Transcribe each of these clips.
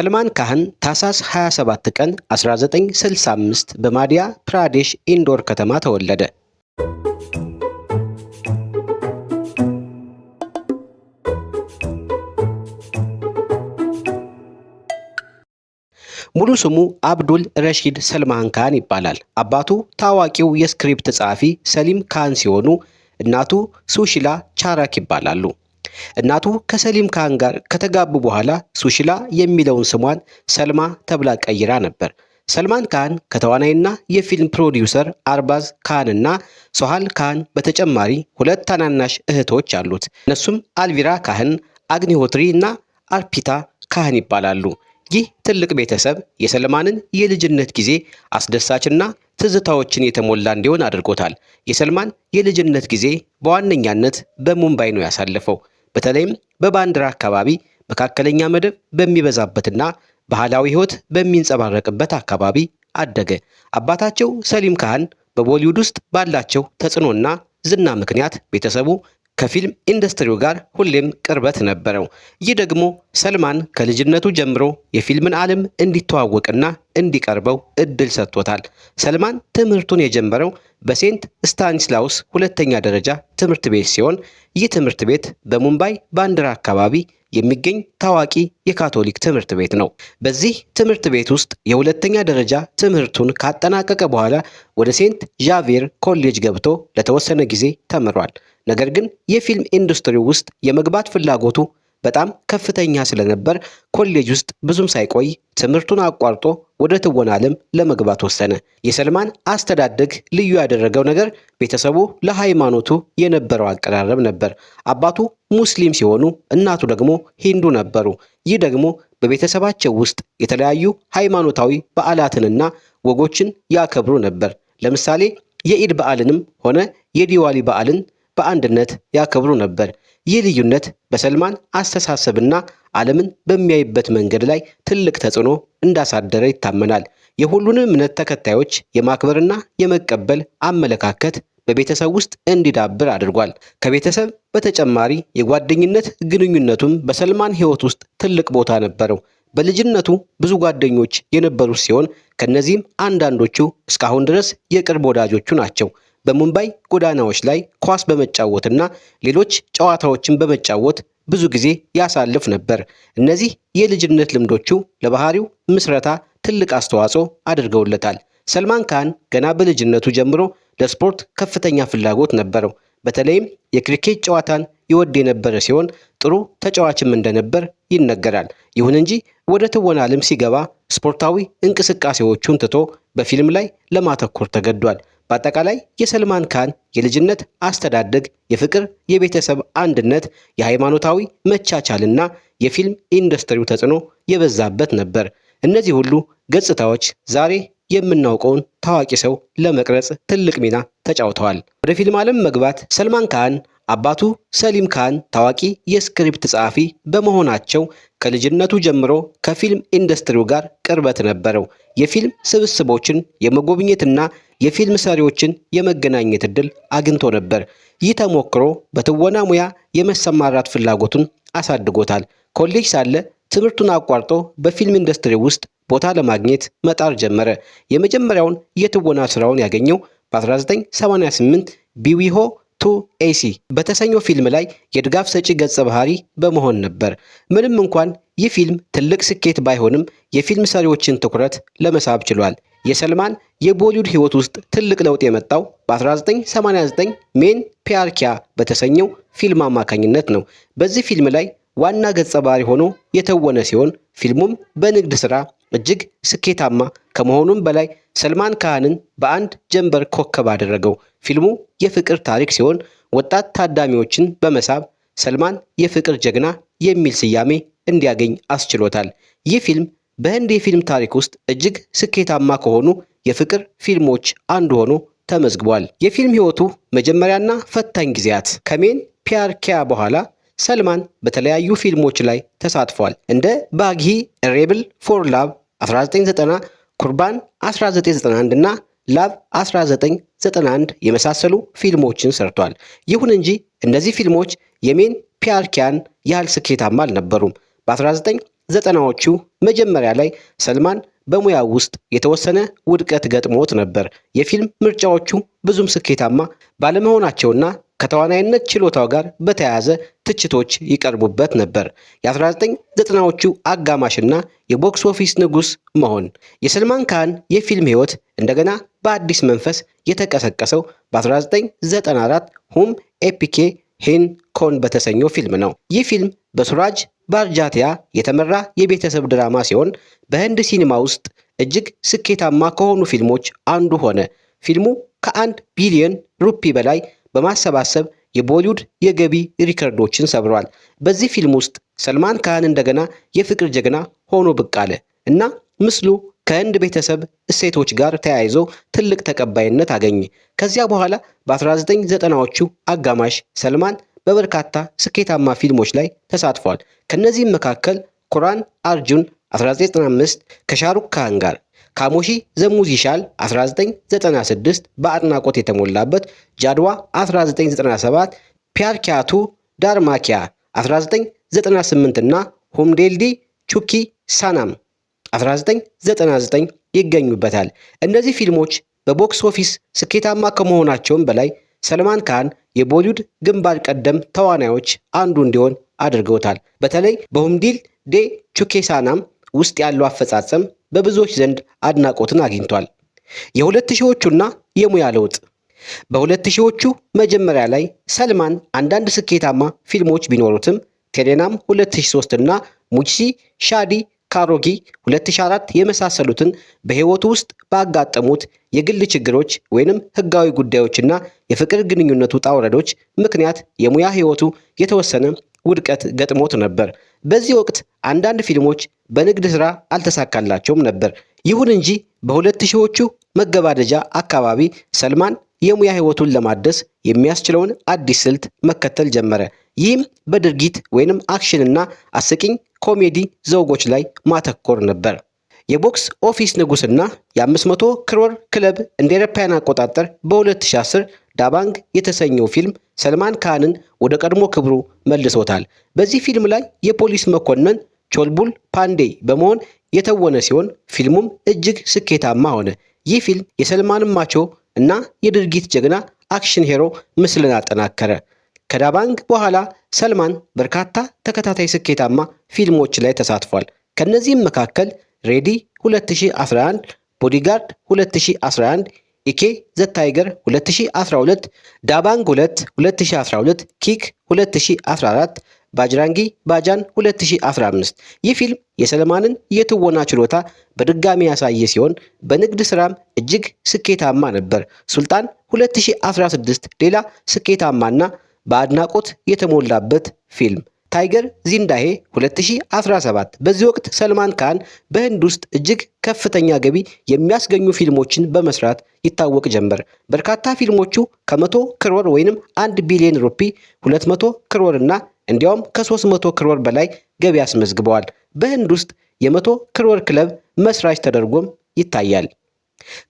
ሰልማን ካህን ታሳስ 27 ቀን 1965 በማዲያ ፕራዴሽ ኢንዶር ከተማ ተወለደ። ሙሉ ስሙ አብዱል ረሺድ ሰልማን ካህን ይባላል። አባቱ ታዋቂው የስክሪፕት ጸሐፊ ሰሊም ካህን ሲሆኑ እናቱ ሱሺላ ቻራክ ይባላሉ። እናቱ ከሰሊም ካህን ጋር ከተጋቡ በኋላ ሱሽላ የሚለውን ስሟን ሰልማ ተብላ ቀይራ ነበር። ሰልማን ካህን ከተዋናይና የፊልም ፕሮዲውሰር አርባዝ ካህንና ሶሃል ካህን በተጨማሪ ሁለት ታናናሽ እህቶች አሉት። እነሱም አልቪራ ካህን፣ አግኒሆትሪ እና አርፒታ ካህን ይባላሉ። ይህ ትልቅ ቤተሰብ የሰልማንን የልጅነት ጊዜ አስደሳችና ትዝታዎችን የተሞላ እንዲሆን አድርጎታል። የሰልማን የልጅነት ጊዜ በዋነኛነት በሙምባይ ነው ያሳለፈው። በተለይም በባንዲራ አካባቢ መካከለኛ መደብ በሚበዛበትና ባህላዊ ሕይወት በሚንጸባረቅበት አካባቢ አደገ። አባታቸው ሰሊም ካህን በቦሊውድ ውስጥ ባላቸው ተጽዕኖና ዝና ምክንያት ቤተሰቡ ከፊልም ኢንዱስትሪው ጋር ሁሌም ቅርበት ነበረው። ይህ ደግሞ ሰልማን ከልጅነቱ ጀምሮ የፊልምን ዓለም እንዲተዋወቅና እንዲቀርበው እድል ሰጥቶታል። ሰልማን ትምህርቱን የጀመረው በሴንት ስታኒስላውስ ሁለተኛ ደረጃ ትምህርት ቤት ሲሆን ይህ ትምህርት ቤት በሙምባይ ባንዲራ አካባቢ የሚገኝ ታዋቂ የካቶሊክ ትምህርት ቤት ነው። በዚህ ትምህርት ቤት ውስጥ የሁለተኛ ደረጃ ትምህርቱን ካጠናቀቀ በኋላ ወደ ሴንት ዣቬር ኮሌጅ ገብቶ ለተወሰነ ጊዜ ተምሯል። ነገር ግን የፊልም ኢንዱስትሪ ውስጥ የመግባት ፍላጎቱ በጣም ከፍተኛ ስለነበር ኮሌጅ ውስጥ ብዙም ሳይቆይ ትምህርቱን አቋርጦ ወደ ትወና ዓለም ለመግባት ወሰነ። የሰልማን አስተዳደግ ልዩ ያደረገው ነገር ቤተሰቡ ለሃይማኖቱ የነበረው አቀራረብ ነበር። አባቱ ሙስሊም ሲሆኑ እናቱ ደግሞ ሂንዱ ነበሩ። ይህ ደግሞ በቤተሰባቸው ውስጥ የተለያዩ ሃይማኖታዊ በዓላትንና ወጎችን ያከብሩ ነበር። ለምሳሌ የኢድ በዓልንም ሆነ የዲዋሊ በዓልን በአንድነት ያከብሩ ነበር። ይህ ልዩነት በሰልማን አስተሳሰብና ዓለምን በሚያይበት መንገድ ላይ ትልቅ ተጽዕኖ እንዳሳደረ ይታመናል። የሁሉንም እምነት ተከታዮች የማክበርና የመቀበል አመለካከት በቤተሰብ ውስጥ እንዲዳብር አድርጓል። ከቤተሰብ በተጨማሪ የጓደኝነት ግንኙነቱም በሰልማን ሕይወት ውስጥ ትልቅ ቦታ ነበረው። በልጅነቱ ብዙ ጓደኞች የነበሩት ሲሆን ከእነዚህም አንዳንዶቹ እስካሁን ድረስ የቅርብ ወዳጆቹ ናቸው። በሙምባይ ጎዳናዎች ላይ ኳስ በመጫወትና ሌሎች ጨዋታዎችን በመጫወት ብዙ ጊዜ ያሳልፍ ነበር። እነዚህ የልጅነት ልምዶቹ ለባህሪው ምስረታ ትልቅ አስተዋጽኦ አድርገውለታል። ሰልማን ካን ገና በልጅነቱ ጀምሮ ለስፖርት ከፍተኛ ፍላጎት ነበረው። በተለይም የክሪኬት ጨዋታን ይወድ የነበረ ሲሆን ጥሩ ተጫዋችም እንደነበር ይነገራል። ይሁን እንጂ ወደ ትወና ዓለም ሲገባ ስፖርታዊ እንቅስቃሴዎቹን ትቶ በፊልም ላይ ለማተኮር ተገዷል። በአጠቃላይ የሰልማን ካን የልጅነት አስተዳደግ የፍቅር የቤተሰብ አንድነት፣ የሃይማኖታዊ መቻቻልና የፊልም ኢንዱስትሪው ተጽዕኖ የበዛበት ነበር። እነዚህ ሁሉ ገጽታዎች ዛሬ የምናውቀውን ታዋቂ ሰው ለመቅረጽ ትልቅ ሚና ተጫውተዋል። ወደ ፊልም ዓለም መግባት ሰልማን ካን አባቱ ሰሊም ካን ታዋቂ የስክሪፕት ጸሐፊ በመሆናቸው ከልጅነቱ ጀምሮ ከፊልም ኢንዱስትሪው ጋር ቅርበት ነበረው። የፊልም ስብስቦችን የመጎብኘትና የፊልም ሰሪዎችን የመገናኘት ዕድል አግኝቶ ነበር። ይህ ተሞክሮ በትወና ሙያ የመሰማራት ፍላጎቱን አሳድጎታል። ኮሌጅ ሳለ ትምህርቱን አቋርጦ በፊልም ኢንዱስትሪ ውስጥ ቦታ ለማግኘት መጣር ጀመረ። የመጀመሪያውን የትወና ስራውን ያገኘው በ1988 ቢዊሆ ቱ ኤሲ በተሰኘው ፊልም ላይ የድጋፍ ሰጪ ገጸ ባህሪ በመሆን ነበር። ምንም እንኳን ይህ ፊልም ትልቅ ስኬት ባይሆንም የፊልም ሰሪዎችን ትኩረት ለመሳብ ችሏል። የሰልማን የቦሊውድ ህይወት ውስጥ ትልቅ ለውጥ የመጣው በ1989 ሜን ፒያርኪያ በተሰኘው ፊልም አማካኝነት ነው። በዚህ ፊልም ላይ ዋና ገጸ ባህሪ ሆኖ የተወነ ሲሆን ፊልሙም በንግድ ሥራ እጅግ ስኬታማ ከመሆኑም በላይ ሰልማን ካህንን በአንድ ጀንበር ኮከብ አደረገው። ፊልሙ የፍቅር ታሪክ ሲሆን ወጣት ታዳሚዎችን በመሳብ ሰልማን የፍቅር ጀግና የሚል ስያሜ እንዲያገኝ አስችሎታል። ይህ ፊልም በህንድ የፊልም ታሪክ ውስጥ እጅግ ስኬታማ ከሆኑ የፍቅር ፊልሞች አንዱ ሆኖ ተመዝግቧል። የፊልም ህይወቱ መጀመሪያና ፈታኝ ጊዜያት ከሜን ፒያር ኪያ በኋላ ሰልማን በተለያዩ ፊልሞች ላይ ተሳትፏል። እንደ ባግሂ ሬብል ፎር ላቭ 1990 ኩርባን 1991 እና ላብ 1991 የመሳሰሉ ፊልሞችን ሰርቷል። ይሁን እንጂ እነዚህ ፊልሞች የሜን ፒያርኪያን ያህል ስኬታማ አልነበሩም። በ1990ዎቹ መጀመሪያ ላይ ሰልማን በሙያው ውስጥ የተወሰነ ውድቀት ገጥሞት ነበር። የፊልም ምርጫዎቹ ብዙም ስኬታማ ባለመሆናቸውና ከተዋናይነት ችሎታው ጋር በተያያዘ ትችቶች ይቀርቡበት ነበር። የ1990ዎቹ አጋማሽና የቦክስ ኦፊስ ንጉሥ መሆን የሰልማን ካህን የፊልም ሕይወት እንደገና በአዲስ መንፈስ የተቀሰቀሰው በ1994 ሁም ኤፒኬ ሂን ኮን በተሰኘው ፊልም ነው። ይህ ፊልም በሱራጅ ባርጃቲያ የተመራ የቤተሰብ ድራማ ሲሆን በህንድ ሲኒማ ውስጥ እጅግ ስኬታማ ከሆኑ ፊልሞች አንዱ ሆነ። ፊልሙ ከአንድ ቢሊዮን ሩፒ በላይ በማሰባሰብ የቦሊውድ የገቢ ሪከርዶችን ሰብሯል። በዚህ ፊልም ውስጥ ሰልማን ካህን እንደገና የፍቅር ጀግና ሆኖ ብቅ አለ እና ምስሉ ከህንድ ቤተሰብ እሴቶች ጋር ተያይዞ ትልቅ ተቀባይነት አገኘ። ከዚያ በኋላ በ1990ዎቹ አጋማሽ ሰልማን በበርካታ ስኬታማ ፊልሞች ላይ ተሳትፏል። ከእነዚህም መካከል ኩራን አርጁን 1995 ከሻሩክ ካህን ጋር ካሞሺ ዘሙዚሻል 1996 በአድናቆት የተሞላበት፣ ጃድዋ 1997፣ ፒያርኪያቱ ዳርማኪያ 1998 እና ሆምዴልዲ ቹኪ ሳናም 1999 ይገኙበታል። እነዚህ ፊልሞች በቦክስ ኦፊስ ስኬታማ ከመሆናቸውም በላይ ሰልማን ካህን የቦሊውድ ግንባር ቀደም ተዋናዮች አንዱ እንዲሆን አድርገውታል። በተለይ በሁምዲል ዴ ቹኬሳናም ውስጥ ያለው አፈጻጸም በብዙዎች ዘንድ አድናቆትን አግኝቷል። የሁለት ሺዎቹና የሙያ ለውጥ በሁለት ሺዎቹ መጀመሪያ ላይ ሰልማን አንዳንድ ስኬታማ ፊልሞች ቢኖሩትም ቴሌናም 2003 እና ሙጅሲ ሻዲ ካሮጊ 2004 የመሳሰሉትን በህይወቱ ውስጥ ባጋጠሙት የግል ችግሮች ወይንም ህጋዊ ጉዳዮችና የፍቅር ግንኙነቱ ጣውረዶች ምክንያት የሙያ ሕይወቱ የተወሰነ ውድቀት ገጥሞት ነበር። በዚህ ወቅት አንዳንድ ፊልሞች በንግድ ሥራ አልተሳካላቸውም ነበር። ይሁን እንጂ በሁለት ሺዎቹ መገባደጃ አካባቢ ሰልማን የሙያ ህይወቱን ለማደስ የሚያስችለውን አዲስ ስልት መከተል ጀመረ። ይህም በድርጊት ወይንም አክሽንና አስቂኝ ኮሜዲ ዘውጎች ላይ ማተኮር ነበር። የቦክስ ኦፊስ ንጉሥና የ500 ክሮር ክለብ እንደ አውሮፓውያን አቆጣጠር በ2010 ዳባንግ የተሰኘው ፊልም ሰልማን ካንን ወደ ቀድሞ ክብሩ መልሶታል። በዚህ ፊልም ላይ የፖሊስ መኮንን ቾልቡል ፓንዴ በመሆን የተወነ ሲሆን ፊልሙም እጅግ ስኬታማ ሆነ። ይህ ፊልም የሰልማን ማቾ እና የድርጊት ጀግና አክሽን ሄሮ ምስልን አጠናከረ። ከዳባንግ በኋላ ሰልማን በርካታ ተከታታይ ስኬታማ ፊልሞች ላይ ተሳትፏል። ከእነዚህም መካከል ሬዲ 2011፣ ቦዲጋርድ 2011 ኢኬ ዘ ታይገር 2012፣ ዳባንግ 2 2012፣ ኪክ 2014፣ ባጅራንጊ ባጃን 2015። ይህ ፊልም የሰለማንን የትወና ችሎታ በድጋሚ ያሳየ ሲሆን በንግድ ስራም እጅግ ስኬታማ ነበር። ሱልጣን 2016 ሌላ ስኬታማና በአድናቆት የተሞላበት ፊልም ታይገር ዚንዳሄ 2017 በዚህ ወቅት ሰልማን ካን በህንድ ውስጥ እጅግ ከፍተኛ ገቢ የሚያስገኙ ፊልሞችን በመስራት ይታወቅ ጀመር። በርካታ ፊልሞቹ ከመቶ ክሮር ወይንም 1 ቢሊዮን ሩፒ፣ 200 ክሮር እና እንዲያውም ከ300 ክሮር በላይ ገቢ አስመዝግበዋል። በህንድ ውስጥ የመቶ ክሮር ክለብ መስራች ተደርጎም ይታያል።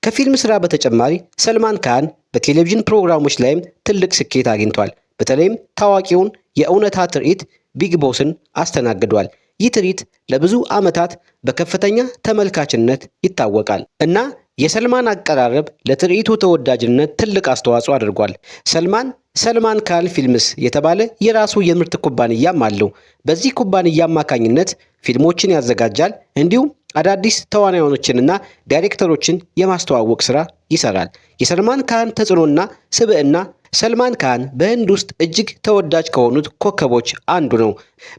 ከፊልም ስራ በተጨማሪ ሰልማን ካን በቴሌቪዥን ፕሮግራሞች ላይም ትልቅ ስኬት አግኝቷል። በተለይም ታዋቂውን የእውነታ ትርኢት ቢግ ቦስን አስተናግዷል። ይህ ትርኢት ለብዙ ዓመታት በከፍተኛ ተመልካችነት ይታወቃል እና የሰልማን አቀራረብ ለትርኢቱ ተወዳጅነት ትልቅ አስተዋጽኦ አድርጓል። ሰልማን ሰልማን ካል ፊልምስ የተባለ የራሱ የምርት ኩባንያም አለው። በዚህ ኩባንያ አማካኝነት ፊልሞችን ያዘጋጃል እንዲሁም አዳዲስ ተዋናዮችንና ዳይሬክተሮችን የማስተዋወቅ ስራ ይሰራል። የሰልማን ካህን ተጽዕኖና ስብዕና ሰልማን ካን በህንድ ውስጥ እጅግ ተወዳጅ ከሆኑት ኮከቦች አንዱ ነው።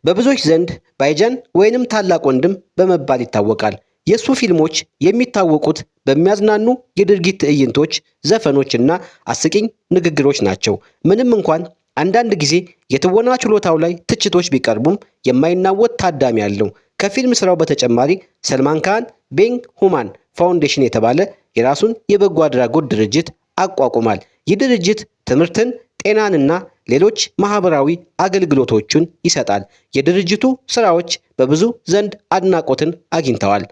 በብዙዎች ዘንድ ባይጃን ወይንም ታላቅ ወንድም በመባል ይታወቃል። የእሱ ፊልሞች የሚታወቁት በሚያዝናኑ የድርጊት ትዕይንቶች፣ ዘፈኖች እና አስቂኝ ንግግሮች ናቸው። ምንም እንኳን አንዳንድ ጊዜ የትወና ችሎታው ላይ ትችቶች ቢቀርቡም የማይናወጥ ታዳሚ አለው። ከፊልም ስራው በተጨማሪ ሰልማን ካን ቤንግ ሁማን ፋውንዴሽን የተባለ የራሱን የበጎ አድራጎት ድርጅት አቋቁሟል። ይህ ድርጅት ትምህርትን፣ ጤናንና ሌሎች ማህበራዊ አገልግሎቶችን ይሰጣል። የድርጅቱ ስራዎች በብዙ ዘንድ አድናቆትን አግኝተዋል።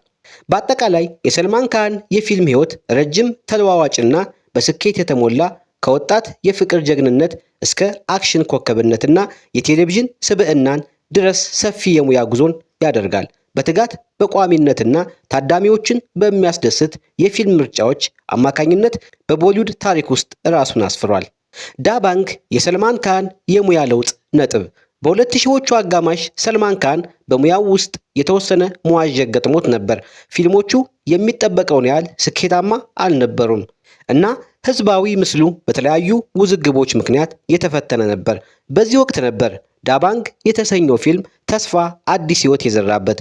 በአጠቃላይ የሰልማን ካህን የፊልም ህይወት ረጅም፣ ተለዋዋጭና በስኬት የተሞላ ከወጣት የፍቅር ጀግንነት እስከ አክሽን ኮከብነትና የቴሌቪዥን ስብዕናን ድረስ ሰፊ የሙያ ጉዞን ያደርጋል። በትጋት በቋሚነትና ታዳሚዎችን በሚያስደስት የፊልም ምርጫዎች አማካኝነት በቦሊውድ ታሪክ ውስጥ ራሱን አስፍሯል። ዳ ባንክ የሰልማን ካህን የሙያ ለውጥ ነጥብ በሁለት ሺዎቹ አጋማሽ ሰልማን ካህን በሙያው ውስጥ የተወሰነ መዋዠቅ ገጥሞት ነበር። ፊልሞቹ የሚጠበቀውን ያህል ስኬታማ አልነበሩም እና ህዝባዊ ምስሉ በተለያዩ ውዝግቦች ምክንያት የተፈተነ ነበር። በዚህ ወቅት ነበር ዳባንግ የተሰኘው ፊልም ተስፋ አዲስ ህይወት የዘራበት።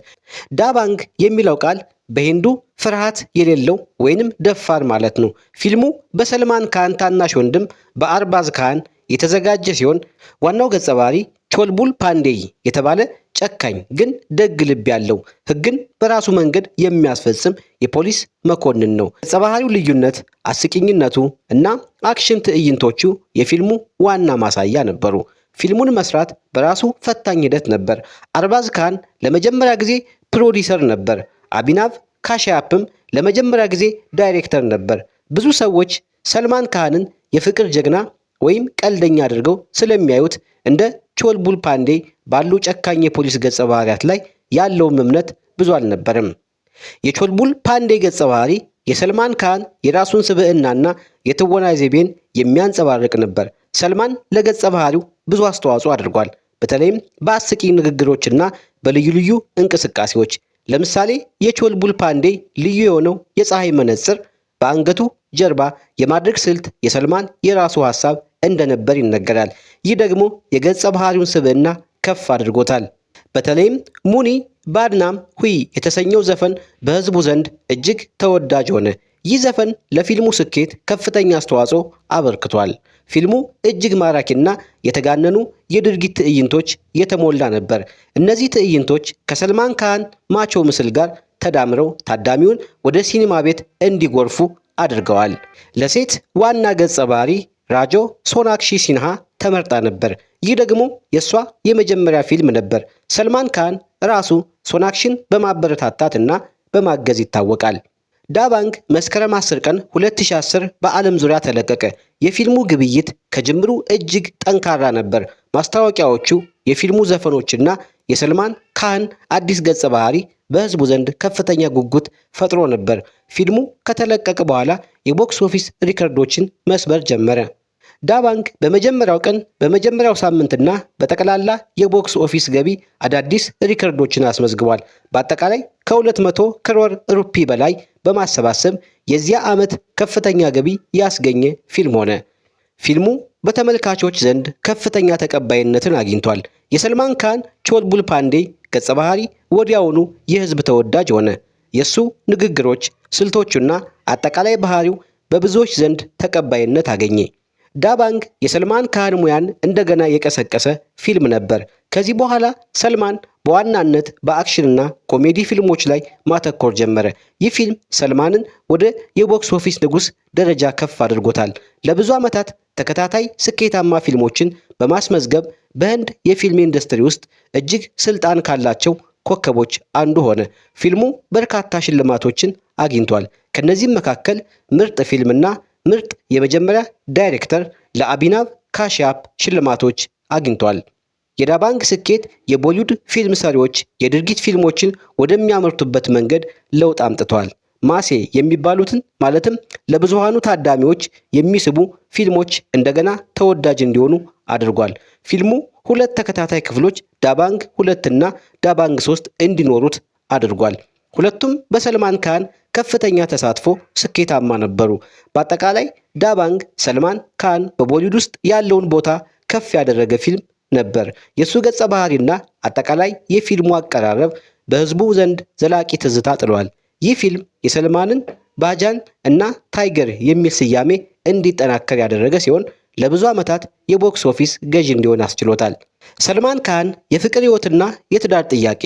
ዳባንግ የሚለው ቃል በሂንዱ ፍርሃት የሌለው ወይንም ደፋር ማለት ነው። ፊልሙ በሰልማን ካህን ታናሽ ወንድም በአርባዝ ካህን የተዘጋጀ ሲሆን ዋናው ገጸ ባህሪ ቾልቡል ፓንዴይ የተባለ ጨካኝ ግን ደግ ልብ ያለው ህግን በራሱ መንገድ የሚያስፈጽም የፖሊስ መኮንን ነው። ገጸ ልዩነት፣ አስቂኝነቱ እና አክሽን ትዕይንቶቹ የፊልሙ ዋና ማሳያ ነበሩ። ፊልሙን መስራት በራሱ ፈታኝ ሂደት ነበር። አርባዝ ካህን ለመጀመሪያ ጊዜ ፕሮዲሰር ነበር። አቢናቭ ካሻያፕም ለመጀመሪያ ጊዜ ዳይሬክተር ነበር። ብዙ ሰዎች ሰልማን ካህንን የፍቅር ጀግና ወይም ቀልደኛ አድርገው ስለሚያዩት እንደ ቾልቡል ፓንዴ ባሉ ጨካኝ የፖሊስ ገጸ ባህሪያት ላይ ያለውም እምነት ብዙ አልነበርም። የቾልቡል ፓንዴ ገጸ ባህሪ የሰልማን ካህን የራሱን ስብዕናና የትወና ዘይቤን የሚያንጸባርቅ ነበር። ሰልማን ለገጸ ባህሪው ብዙ አስተዋጽኦ አድርጓል። በተለይም በአስቂ ንግግሮችና በልዩ ልዩ እንቅስቃሴዎች። ለምሳሌ የቾል ቡልፓንዴ ልዩ የሆነው የፀሐይ መነጽር በአንገቱ ጀርባ የማድረግ ስልት የሰልማን የራሱ ሐሳብ እንደነበር ይነገራል። ይህ ደግሞ የገጸ ባህሪውን ስብዕና ከፍ አድርጎታል። በተለይም ሙኒ ባድናም ሁይ የተሰኘው ዘፈን በህዝቡ ዘንድ እጅግ ተወዳጅ ሆነ። ይህ ዘፈን ለፊልሙ ስኬት ከፍተኛ አስተዋጽኦ አበርክቷል። ፊልሙ እጅግ ማራኪና የተጋነኑ የድርጊት ትዕይንቶች የተሞላ ነበር። እነዚህ ትዕይንቶች ከሰልማን ካህን ማቾ ምስል ጋር ተዳምረው ታዳሚውን ወደ ሲኒማ ቤት እንዲጎርፉ አድርገዋል። ለሴት ዋና ገጸ ባህሪ ራጆ ሶናክሺ ሲንሃ ተመርጣ ነበር። ይህ ደግሞ የእሷ የመጀመሪያ ፊልም ነበር። ሰልማን ካህን ራሱ ሶናክሽን በማበረታታት እና በማገዝ ይታወቃል። ዳባንክ መስከረም 10 ቀን 2010 በዓለም ዙሪያ ተለቀቀ። የፊልሙ ግብይት ከጅምሩ እጅግ ጠንካራ ነበር። ማስታወቂያዎቹ፣ የፊልሙ ዘፈኖችና የሰልማን ካህን አዲስ ገጸ ባህሪ በሕዝቡ ዘንድ ከፍተኛ ጉጉት ፈጥሮ ነበር። ፊልሙ ከተለቀቀ በኋላ የቦክስ ኦፊስ ሪከርዶችን መስበር ጀመረ። ባንክ በመጀመሪያው ቀን በመጀመሪያው ሳምንትና በጠቅላላ የቦክስ ኦፊስ ገቢ አዳዲስ ሪከርዶችን አስመዝግቧል። በአጠቃላይ ከ200 ክሮር ሩፒ በላይ በማሰባሰብ የዚያ ዓመት ከፍተኛ ገቢ ያስገኘ ፊልም ሆነ። ፊልሙ በተመልካቾች ዘንድ ከፍተኛ ተቀባይነትን አግኝቷል። የሰልማን ካን ቾልቡል ፓንዴ ገጸ ባህሪ ወዲያውኑ የህዝብ ተወዳጅ ሆነ። የሱ ንግግሮች፣ ስልቶቹና አጠቃላይ ባህሪው በብዙዎች ዘንድ ተቀባይነት አገኘ። ዳባንግ የሰልማን ካህን ሙያን እንደገና የቀሰቀሰ ፊልም ነበር። ከዚህ በኋላ ሰልማን በዋናነት በአክሽንና ኮሜዲ ፊልሞች ላይ ማተኮር ጀመረ። ይህ ፊልም ሰልማንን ወደ የቦክስ ኦፊስ ንጉሥ ደረጃ ከፍ አድርጎታል። ለብዙ ዓመታት ተከታታይ ስኬታማ ፊልሞችን በማስመዝገብ በህንድ የፊልም ኢንዱስትሪ ውስጥ እጅግ ስልጣን ካላቸው ኮከቦች አንዱ ሆነ። ፊልሙ በርካታ ሽልማቶችን አግኝቷል። ከነዚህም መካከል ምርጥ ፊልምና ምርጥ የመጀመሪያ ዳይሬክተር ለአቢናብ ካሽያፕ ሽልማቶች አግኝቷል። የዳባንግ ስኬት የቦሊውድ ፊልም ሰሪዎች የድርጊት ፊልሞችን ወደሚያመርቱበት መንገድ ለውጥ አምጥቷል። ማሴ የሚባሉትን ማለትም ለብዙሃኑ ታዳሚዎች የሚስቡ ፊልሞች እንደገና ተወዳጅ እንዲሆኑ አድርጓል። ፊልሙ ሁለት ተከታታይ ክፍሎች ዳባንግ ሁለትና ዳባንግ ሶስት እንዲኖሩት አድርጓል። ሁለቱም በሰልማን ካህን ከፍተኛ ተሳትፎ ስኬታማ ነበሩ። በአጠቃላይ ዳባንግ ሰልማን ካን በቦሊውድ ውስጥ ያለውን ቦታ ከፍ ያደረገ ፊልም ነበር። የእሱ ገጸ ባህሪና አጠቃላይ የፊልሙ አቀራረብ በህዝቡ ዘንድ ዘላቂ ትዝታ ጥሏል። ይህ ፊልም የሰልማንን ባጃን እና ታይገር የሚል ስያሜ እንዲጠናከር ያደረገ ሲሆን ለብዙ ዓመታት የቦክስ ኦፊስ ገዢ እንዲሆን አስችሎታል። ሰልማን ካህን የፍቅር ሕይወትና የትዳር ጥያቄ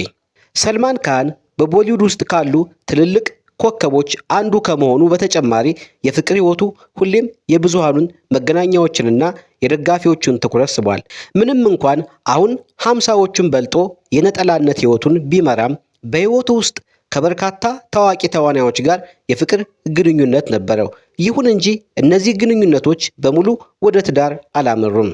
ሰልማን ካህን በቦሊውድ ውስጥ ካሉ ትልልቅ ኮከቦች አንዱ ከመሆኑ በተጨማሪ የፍቅር ህይወቱ ሁሌም የብዙሃኑን መገናኛዎችንና የደጋፊዎቹን ትኩረት ስቧል። ምንም እንኳን አሁን ሀምሳዎቹን በልጦ የነጠላነት ህይወቱን ቢመራም በህይወቱ ውስጥ ከበርካታ ታዋቂ ተዋናዮች ጋር የፍቅር ግንኙነት ነበረው። ይሁን እንጂ እነዚህ ግንኙነቶች በሙሉ ወደ ትዳር አላመሩም።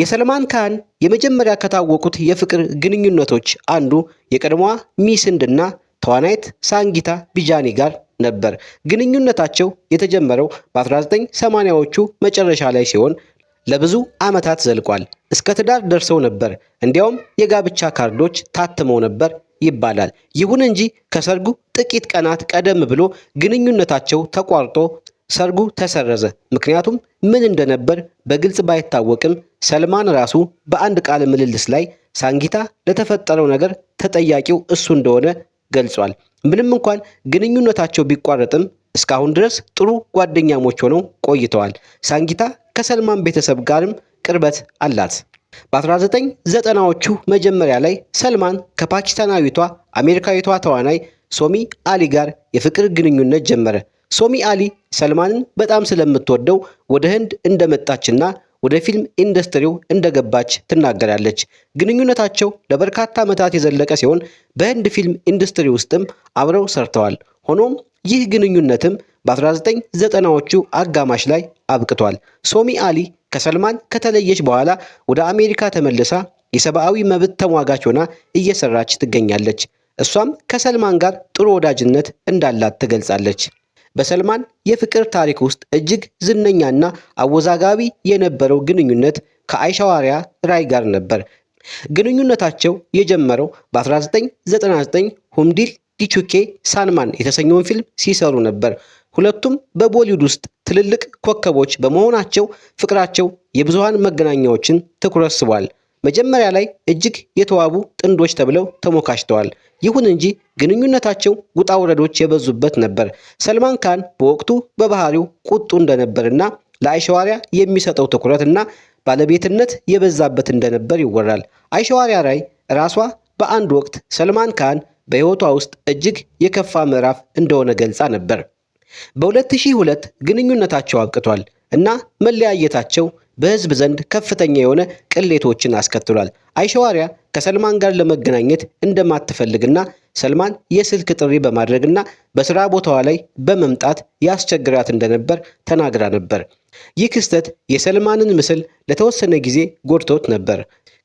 የሰልማን ካህን የመጀመሪያ ከታወቁት የፍቅር ግንኙነቶች አንዱ የቀድሞዋ ሚስ ህንድና ተዋናይት ሳንጊታ ቢጃኒ ጋር ነበር። ግንኙነታቸው የተጀመረው በ1980ዎቹ መጨረሻ ላይ ሲሆን ለብዙ ዓመታት ዘልቋል። እስከ ትዳር ደርሰው ነበር። እንዲያውም የጋብቻ ካርዶች ታትመው ነበር ይባላል። ይሁን እንጂ ከሰርጉ ጥቂት ቀናት ቀደም ብሎ ግንኙነታቸው ተቋርጦ ሰርጉ ተሰረዘ። ምክንያቱም ምን እንደነበር በግልጽ ባይታወቅም ሰልማን ራሱ በአንድ ቃለ ምልልስ ላይ ሳንጊታ ለተፈጠረው ነገር ተጠያቂው እሱ እንደሆነ ገልጿል። ምንም እንኳን ግንኙነታቸው ቢቋረጥም እስካሁን ድረስ ጥሩ ጓደኛሞች ሆነው ቆይተዋል። ሳንጊታ ከሰልማን ቤተሰብ ጋርም ቅርበት አላት። በ1990ዎቹ መጀመሪያ ላይ ሰልማን ከፓኪስታናዊቷ አሜሪካዊቷ ተዋናይ ሶሚ አሊ ጋር የፍቅር ግንኙነት ጀመረ። ሶሚ አሊ ሰልማንን በጣም ስለምትወደው ወደ ህንድ እንደመጣችና ወደ ፊልም ኢንዱስትሪው እንደገባች ትናገራለች። ግንኙነታቸው ለበርካታ ዓመታት የዘለቀ ሲሆን በህንድ ፊልም ኢንዱስትሪ ውስጥም አብረው ሰርተዋል። ሆኖም ይህ ግንኙነትም በ1990ዎቹ አጋማሽ ላይ አብቅቷል። ሶሚ አሊ ከሰልማን ከተለየች በኋላ ወደ አሜሪካ ተመልሳ የሰብአዊ መብት ተሟጋች ሆና እየሰራች ትገኛለች። እሷም ከሰልማን ጋር ጥሩ ወዳጅነት እንዳላት ትገልጻለች። በሰልማን የፍቅር ታሪክ ውስጥ እጅግ ዝነኛና አወዛጋቢ የነበረው ግንኙነት ከአይሻዋሪያ ራይ ጋር ነበር። ግንኙነታቸው የጀመረው በ1999 ሁምዲል ዲቹኬ ሳንማን የተሰኘውን ፊልም ሲሰሩ ነበር። ሁለቱም በቦሊውድ ውስጥ ትልልቅ ኮከቦች በመሆናቸው ፍቅራቸው የብዙሃን መገናኛዎችን ትኩረት ስቧል። መጀመሪያ ላይ እጅግ የተዋቡ ጥንዶች ተብለው ተሞካሽተዋል። ይሁን እንጂ ግንኙነታቸው ውጣ ውረዶች የበዙበት ነበር። ሰልማን ካን በወቅቱ በባህሪው ቁጡ እንደነበርና ለአይሸዋሪያ የሚሰጠው ትኩረት እና ባለቤትነት የበዛበት እንደነበር ይወራል። አይሸዋሪያ ራይ ራሷ በአንድ ወቅት ሰልማን ካን በሕይወቷ ውስጥ እጅግ የከፋ ምዕራፍ እንደሆነ ገልጻ ነበር። በ2002 ግንኙነታቸው አብቅቷል እና መለያየታቸው በህዝብ ዘንድ ከፍተኛ የሆነ ቅሌቶችን አስከትሏል። አይሸዋሪያ ከሰልማን ጋር ለመገናኘት እንደማትፈልግና ሰልማን የስልክ ጥሪ በማድረግና በስራ ቦታዋ ላይ በመምጣት ያስቸግራት እንደነበር ተናግራ ነበር። ይህ ክስተት የሰልማንን ምስል ለተወሰነ ጊዜ ጎድቶት ነበር።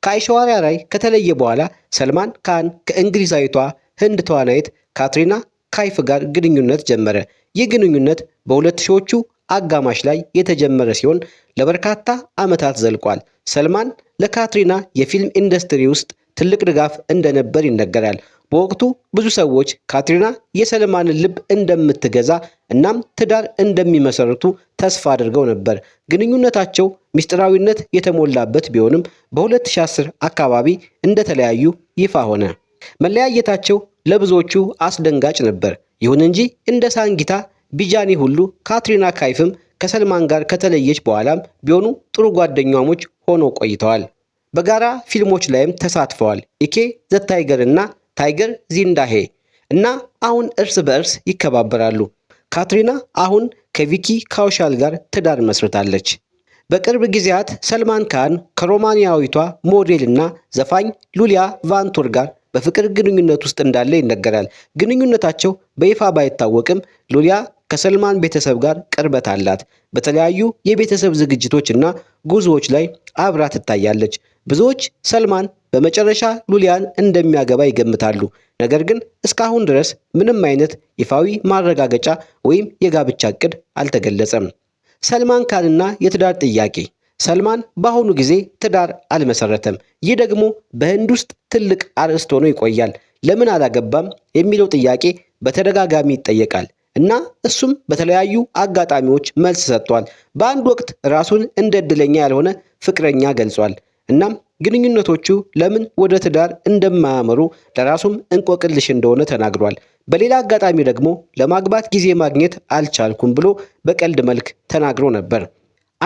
ከአይሸዋሪያ ላይ ከተለየ በኋላ ሰልማን ካን ከእንግሊዛዊቷ ህንድ ተዋናይት ካትሪና ካይፍ ጋር ግንኙነት ጀመረ። ይህ ግንኙነት በሁለት ሺዎቹ አጋማሽ ላይ የተጀመረ ሲሆን ለበርካታ ዓመታት ዘልቋል። ሰልማን ለካትሪና የፊልም ኢንዱስትሪ ውስጥ ትልቅ ድጋፍ እንደነበር ይነገራል። በወቅቱ ብዙ ሰዎች ካትሪና የሰልማንን ልብ እንደምትገዛ እናም ትዳር እንደሚመሰርቱ ተስፋ አድርገው ነበር። ግንኙነታቸው ምስጢራዊነት የተሞላበት ቢሆንም በ2010 አካባቢ እንደተለያዩ ይፋ ሆነ። መለያየታቸው ለብዙዎቹ አስደንጋጭ ነበር። ይሁን እንጂ እንደ ሳንጊታ ቢጃኒ ሁሉ ካትሪና ካይፍም ከሰልማን ጋር ከተለየች በኋላም ቢሆኑ ጥሩ ጓደኛሞች ሆነው ቆይተዋል። በጋራ ፊልሞች ላይም ተሳትፈዋል። ኢኬ ዘ ታይገር እና ታይገር ዚንዳሄ እና አሁን እርስ በእርስ ይከባበራሉ። ካትሪና አሁን ከቪኪ ካውሻል ጋር ትዳር መስርታለች። በቅርብ ጊዜያት ሰልማን ካን ከሮማንያዊቷ ሞዴል እና ዘፋኝ ሉሊያ ቫንቱር ጋር በፍቅር ግንኙነት ውስጥ እንዳለ ይነገራል። ግንኙነታቸው በይፋ ባይታወቅም ሉሊያ ከሰልማን ቤተሰብ ጋር ቅርበት አላት። በተለያዩ የቤተሰብ ዝግጅቶች እና ጉዞዎች ላይ አብራ ትታያለች። ብዙዎች ሰልማን በመጨረሻ ሉሊያን እንደሚያገባ ይገምታሉ። ነገር ግን እስካሁን ድረስ ምንም አይነት ይፋዊ ማረጋገጫ ወይም የጋብቻ እቅድ አልተገለጸም። ሰልማን ካንና የትዳር ጥያቄ ሰልማን በአሁኑ ጊዜ ትዳር አልመሰረተም። ይህ ደግሞ በህንድ ውስጥ ትልቅ አርዕስት ሆኖ ይቆያል። ለምን አላገባም የሚለው ጥያቄ በተደጋጋሚ ይጠየቃል። እና እሱም በተለያዩ አጋጣሚዎች መልስ ሰጥቷል። በአንድ ወቅት ራሱን እንደ እድለኛ ያልሆነ ፍቅረኛ ገልጿል። እናም ግንኙነቶቹ ለምን ወደ ትዳር እንደማያመሩ ለራሱም እንቆቅልሽ እንደሆነ ተናግሯል። በሌላ አጋጣሚ ደግሞ ለማግባት ጊዜ ማግኘት አልቻልኩም ብሎ በቀልድ መልክ ተናግሮ ነበር።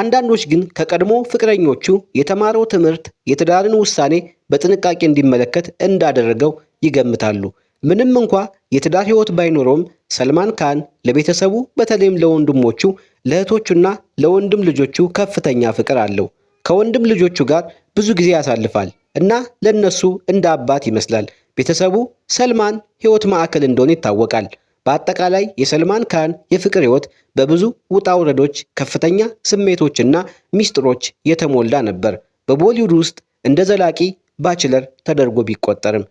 አንዳንዶች ግን ከቀድሞ ፍቅረኞቹ የተማረው ትምህርት የትዳርን ውሳኔ በጥንቃቄ እንዲመለከት እንዳደረገው ይገምታሉ። ምንም እንኳ የትዳር ህይወት ባይኖረውም ሰልማን ካን ለቤተሰቡ በተለይም ለወንድሞቹ ለእህቶቹና ለወንድም ልጆቹ ከፍተኛ ፍቅር አለው። ከወንድም ልጆቹ ጋር ብዙ ጊዜ ያሳልፋል እና ለነሱ እንደ አባት ይመስላል። ቤተሰቡ ሰልማን ህይወት ማዕከል እንደሆነ ይታወቃል። በአጠቃላይ የሰልማን ካን የፍቅር ህይወት በብዙ ውጣ ውረዶች፣ ከፍተኛ ስሜቶችና ሚስጥሮች የተሞላ ነበር። በቦሊውድ ውስጥ እንደ ዘላቂ ባችለር ተደርጎ ቢቆጠርም